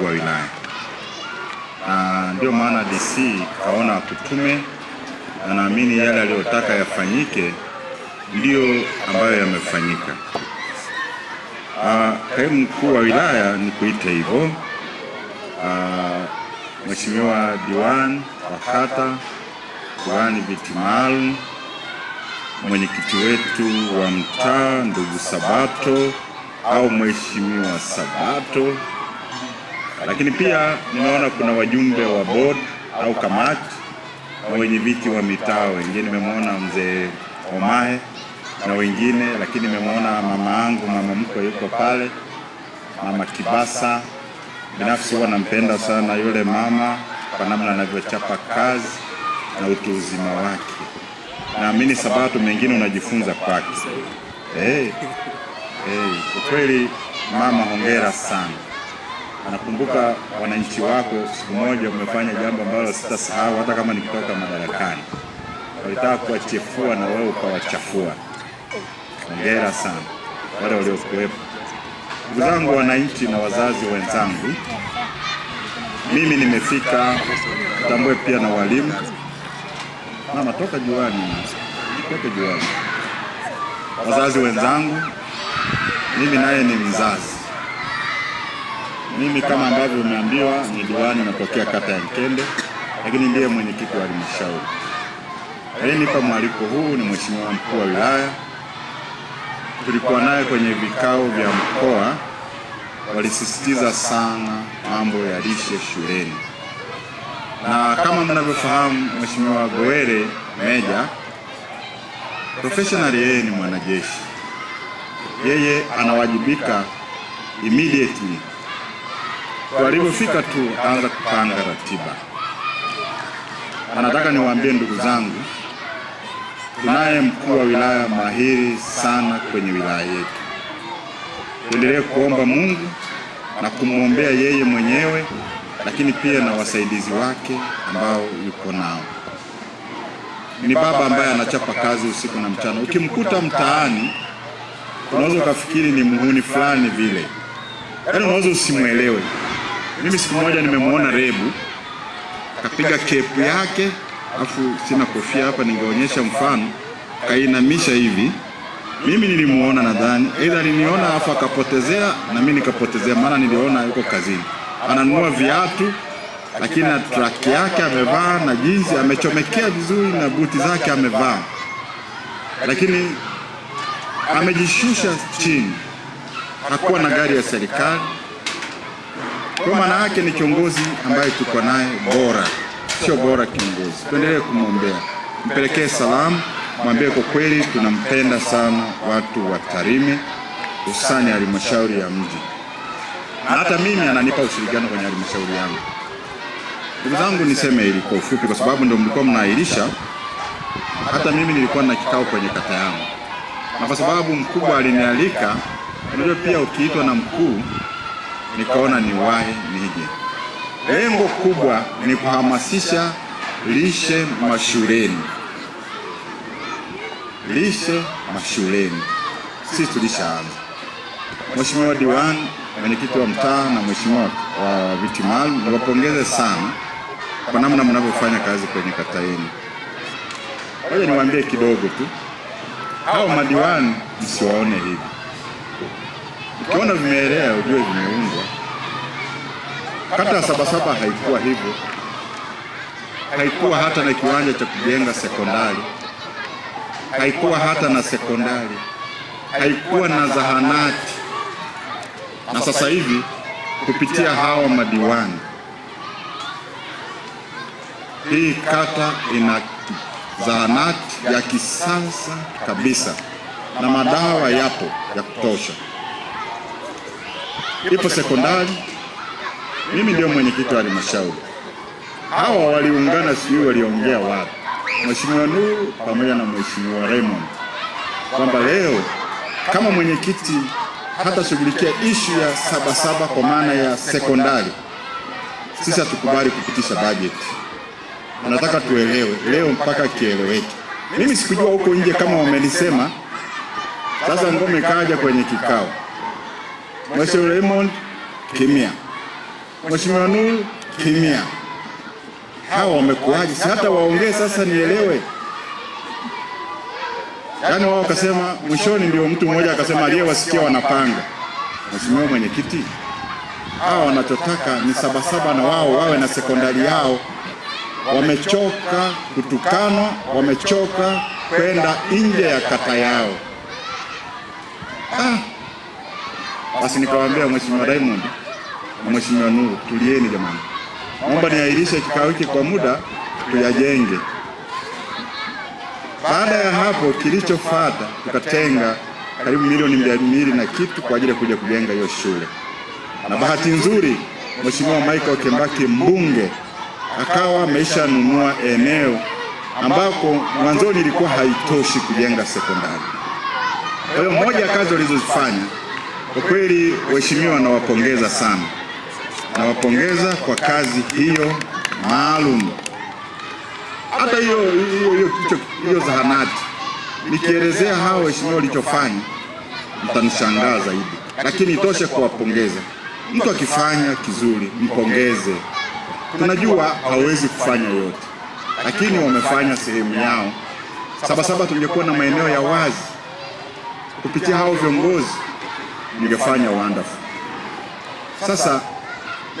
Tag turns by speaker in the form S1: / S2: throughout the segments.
S1: mkuu wa wilaya, ndio maana DC kaona akutume, na naamini yale aliyotaka yafanyike ndiyo ambayo yamefanyika. Ah, kaimu mkuu wa wilaya ni kuita hivyo, ah, mheshimiwa diwani wa kata, diwani viti maalum, mwenyekiti wetu wa mtaa ndugu Sabato au mheshimiwa Sabato lakini pia nimeona kuna wajumbe wa board au kamati na wenye viti wa mitaa wengine, nimemwona mzee Omahe na wengine, lakini nimemwona mama yangu mama mkwe yuko pale, mama Kibasa. Binafsi huwa nampenda sana yule mama kwa namna anavyochapa kazi na utu uzima wake. Naamini Sabato mengine unajifunza kwake. Hey, hey, ukweli mama, hongera sana anakumbuka wananchi wako, siku moja umefanya jambo ambalo sitasahau hata kama nikitoka madarakani. Walitaka kuwachefua na wewe ukawachafua. Hongera sana wale waliokuwepo. Ndugu zangu wananchi na wazazi wenzangu, mimi nimefika tambue pia na walimu. Mama toka juani, toka juani. Wazazi wenzangu, mimi naye ni mzazi mimi kama ambavyo umeambiwa ni diwani, natokea kata ya Nkende, lakini ndiye mwenyekiti wa halmashauri. Aliyenipa mwaliko huu ni mheshimiwa mkuu wa wilaya. Tulikuwa naye kwenye vikao vya mkoa, walisisitiza sana mambo ya lishe shuleni, na kama mnavyofahamu mheshimiwa Gowele Meja professional, yeye ni mwanajeshi, yeye anawajibika immediately walivyofika tu anza kupanga ratiba. Anataka niwaambie ndugu zangu, tunaye mkuu wa wilaya mahiri sana kwenye wilaya yetu. Tuendelee kuomba Mungu na kumwombea yeye mwenyewe, lakini pia na wasaidizi wake ambao yuko nao. Ni baba ambaye anachapa kazi usiku na mchana. Ukimkuta mtaani unaweza ukafikiri ni muhuni fulani vile, yaani unaweza usimwelewe. Mimi siku moja nimemwona Rebu kapiga kepu yake, afu sina kofia hapa, ningeonyesha mfano, kainamisha hivi. Mimi nilimuona nadhani aidha niliona afu akapotezea, na mimi nikapotezea, maana niliona yuko kazini ananunua viatu lakini na track yake amevaa na jinsi amechomekea vizuri na buti zake amevaa, lakini amejishusha chini. Hakuwa na gari ya serikali, kwa maana yake ni kiongozi ambaye tuko naye bora, sio bora kiongozi. Tuendelee kumwombea, mpelekee salamu, mwambie kwa kweli tunampenda sana, watu wa Tarime, hususani halmashauri ya mji, na hata mimi ananipa ushirikiano kwenye halmashauri yangu. Ndugu zangu, niseme hili kwa ufupi, kwa sababu ndio mlikuwa mnaahirisha. Hata mimi nilikuwa na kikao kwenye kata yangu, na kwa sababu mkubwa alinialika. Unajua, pia ukiitwa na mkuu nikaona ni wahi nije. Lengo kubwa ni kuhamasisha lishe mashuleni, lishe mashuleni. Sisi tulishaanza, Mheshimiwa diwani, mwenyekiti wa mtaa na mheshimiwa wa viti maalum, niwapongeze sana kwa namna mnavyofanya kazi kwenye kata yenu. Ngoja niwaambie kidogo tu, hao madiwani msiwaone hivi, ukiona vimeelea ujue vimeuma Kata ya Sabasaba haikuwa hivyo, haikuwa hata na kiwanja cha kujenga sekondari, haikuwa hata na sekondari, haikuwa na zahanati. Na sasa hivi kupitia hawa madiwani, hii kata ina zahanati ya kisasa kabisa na madawa yapo ya kutosha, ipo sekondari mimi ndio mwenyekiti wa halmashauri. Hawa waliungana, sijui waliongea wapi, Mheshimiwa Nuru pamoja na Mheshimiwa Raymond kwamba leo kama mwenyekiti hatashughulikia ishu ya Sabasaba kwa maana ya sekondari, sisi hatukubali kupitisha bajeti. Nataka tuelewe leo mpaka kieleweke. Mimi sikujua huko nje kama wamelisema. Sasa Ngome kaja kwenye kikao, Mheshimiwa Raymond kimya Mheshimiwa Nur kimya, hawa wamekuaje? Si hata waongee sasa nielewe. Yaani wao wakasema mwishoni, ndio mtu mmoja akasema aliyewasikia wanapanga. Mheshimiwa Mwenyekiti, hawa wanachotaka ni sabasaba, na wao wawe na sekondari yao. Wamechoka kutukanwa, wamechoka kwenda nje ya kata yao. Ah, basi nikawaambia Mheshimiwa Raymond Mheshimiwa Nuru, tulieni jamani, naomba niahirishe kikao hiki kwa muda tuyajenge. Baada ya hapo, kilichofuata tukatenga karibu milioni mia mbili na kitu kwa ajili ya kuja kujenga hiyo shule, na bahati nzuri Mheshimiwa Michael Kembaki mbunge akawa ameshanunua eneo ambako mwanzoni ilikuwa haitoshi kujenga sekondari. Kwa hiyo moja ya kazi walizozifanya kwa kweli, waheshimiwa, nawapongeza sana nawapongeza kwa kazi hiyo maalum. Hata hiyo hiyo zahanati, nikielezea hao waheshimiwa walichofanya mtanishangaa zaidi, lakini itoshe kuwapongeza. Mtu akifanya kizuri mpongeze. Tunajua hawezi kufanya yote, lakini wamefanya sehemu yao. Sabasaba tungekuwa na maeneo ya wazi kupitia hao viongozi, ningefanya wonderful. Sasa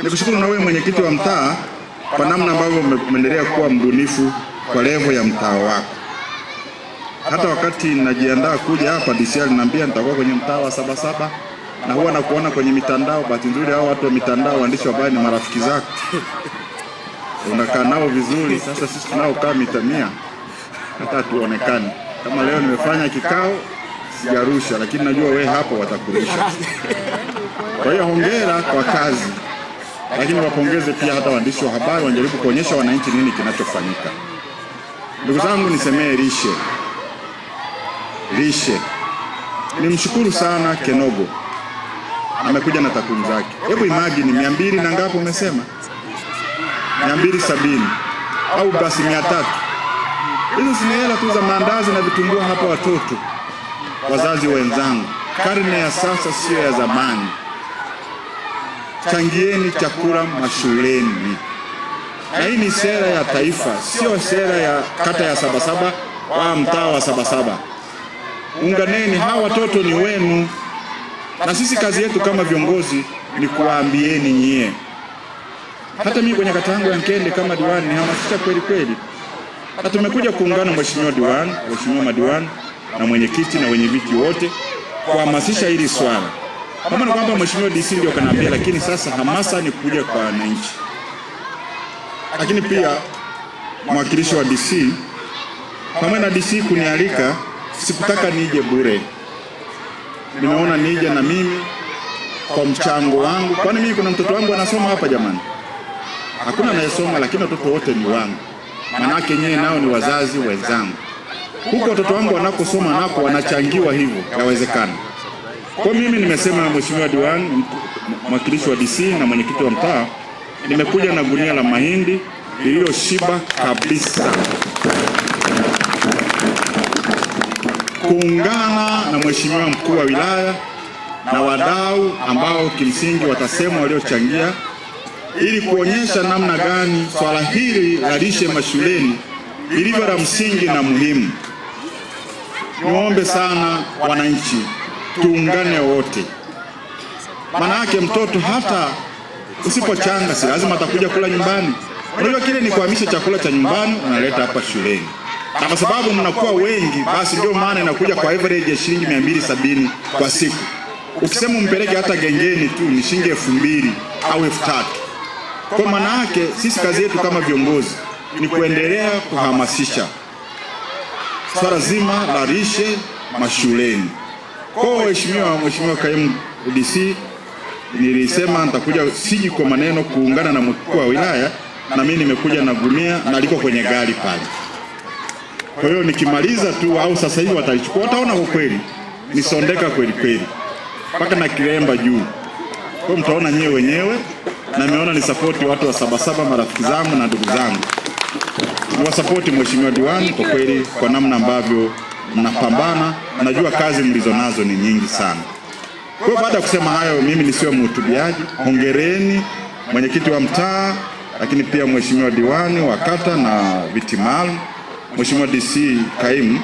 S1: Nikushukuru na wewe mwenyekiti wa mtaa kwa namna ambavyo umeendelea kuwa mbunifu kwa levo ya mtaa wako. Hata wakati najiandaa kuja hapa, DC aliniambia nitakuwa kwenye mtaa wa Sabasaba na huwa nakuona kwenye mitandao. Bahati nzuri hao watu wa mitandao, waandishi wa habari, ni marafiki zako, unakaa nao vizuri. Sasa sisi tunaokaa mita mia hata tuonekane kama leo nimefanya kikao sijarusha, lakini najua we hapo watakurusha. Kwa hiyo hongera kwa kazi lakini wapongeze pia hata waandishi wa habari wanajaribu kuonyesha wananchi nini kinachofanyika. Ndugu zangu, nisemee lishe, lishe. Nimshukuru sana Kenogo, amekuja na takwimu zake. Hebu imagine mia mbili na ngapi umesema? mia mbili sabini au basi mia tatu Hizo si hela tu za maandazi na vitumbua hapa. Watoto, wazazi wenzangu, karne ya sasa siyo ya zamani changieni chakula mashuleni, na hii ni sera ya taifa, sio sera ya kata ya Sabasaba wa mtaa wa Sabasaba. Unganeni, hawa watoto ni wenu, na sisi kazi yetu kama viongozi ni kuwaambieni nyie. Hata mimi kwenye kata yangu ya Nkende kama diwani nihamasisha kweli kweli, na tumekuja kuungana, mheshimiwa diwani, mheshimiwa madiwani na mwenyekiti na wenye viti wote kuhamasisha hili swala. Pamoja na kwamba mheshimiwa DC ndio kanaambia, lakini sasa hamasa ni kuja kwa wananchi. Lakini pia mwakilishi wa DC pamoja na DC kunialika, sikutaka nije bure, nimeona nije na mimi kwa mchango wangu, kwani mimi kuna mtoto wangu anasoma hapa jamani, hakuna anayesoma, lakini watoto wote ni wangu, manake nyewe nao ni wazazi wenzangu. Huko watoto wangu wanakosoma nako wanachangiwa hivyo, yawezekana kwa mimi nimesema, mheshimiwa diwani, mwakilishi wa DC na mwenyekiti wa mtaa, nimekuja na gunia la mahindi lililoshiba kabisa kuungana na mheshimiwa mkuu wa wilaya na wadau ambao kimsingi watasema waliochangia ili kuonyesha namna gani swala hili la lishe mashuleni lilivyo la msingi na muhimu. Niombe sana wananchi tuungane wote, maana yake mtoto hata usipochanga si lazima atakuja kula nyumbani. Unajua kile ni kuhamisha chakula cha nyumbani unaleta hapa shuleni, na kwa sababu mnakuwa wengi, basi ndio maana inakuja kwa average ya shilingi mia mbili sabini kwa siku. Ukisema umpeleke hata gengeni tu ni shilingi elfu mbili au elfu tatu Kwa maana yake sisi kazi yetu kama viongozi ni kuendelea kuhamasisha swala zima la lishe mashuleni. Kwa mheshimiwa, mheshimiwa kaimu DC, nilisema nitakuja, siji kwa maneno kuungana na mkuu wa wilaya, na mimi nimekuja na gunia na liko kwenye gari pale. Kwa hiyo nikimaliza tu au sasa hivi watalichukua, wataona kwa kweli nisondeka kweli kweli mpaka na kilemba juu. Kwa mtaona nyewe wenyewe, na nimeona ni support watu wa Sabasaba, marafiki zangu na ndugu zangu, niwasapoti mheshimiwa diwani kwa kweli, kwa namna ambavyo mnapambana, najua kazi mlizonazo ni nyingi sana. Kwa hiyo baada ya kusema hayo, mimi nisiwe mhutubiaji, hongereni mwenyekiti wa mtaa, lakini pia mheshimiwa diwani wa kata na viti maalum, mheshimiwa DC kaimu,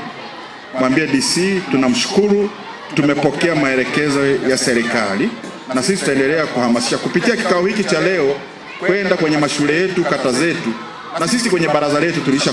S1: mwambie DC tunamshukuru, tumepokea maelekezo ya serikali na sisi tutaendelea kuhamasisha kupitia kikao hiki cha leo kwenda kwenye mashule yetu, kata zetu, na sisi kwenye baraza letu tulisha